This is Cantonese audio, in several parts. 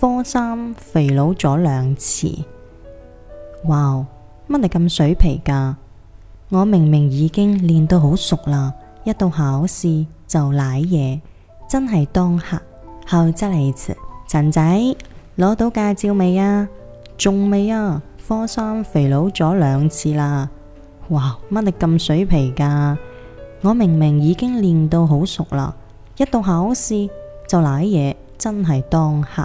科三肥佬咗兩次，哇！乜你咁水皮噶？我明明已經練到好熟啦，一到考試就瀨嘢，真係當黑。後再嚟，陳仔攞到駕照未啊？仲未啊？科三肥佬咗兩次啦，哇！乜你咁水皮噶？我明明已經練到好熟啦，一到考試就瀨嘢，真係當黑。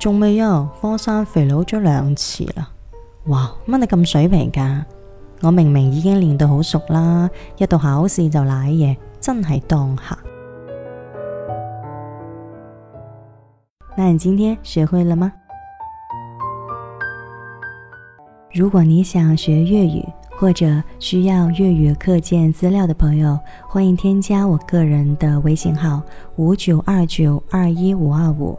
仲未啊！科三肥佬咗兩次啦！哇，乜你咁水皮噶？我明明已經練到好熟啦，一到考試就瀨嘢，真係當黑。那你今天學會了嗎？如果你想學粵語或者需要粵語課件資料的朋友，歡迎添加我個人的微信號：五九二九二一五二五。